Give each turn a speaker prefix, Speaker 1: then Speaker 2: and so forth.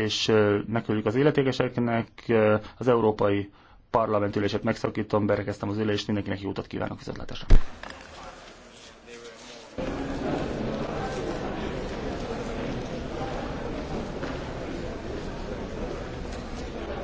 Speaker 1: és megküldjük az illetékeseknek. Az Európai Parlament ülését megszakítom, berekeztem az ülést, mindenkinek jó utat kívánok fizetlátásra.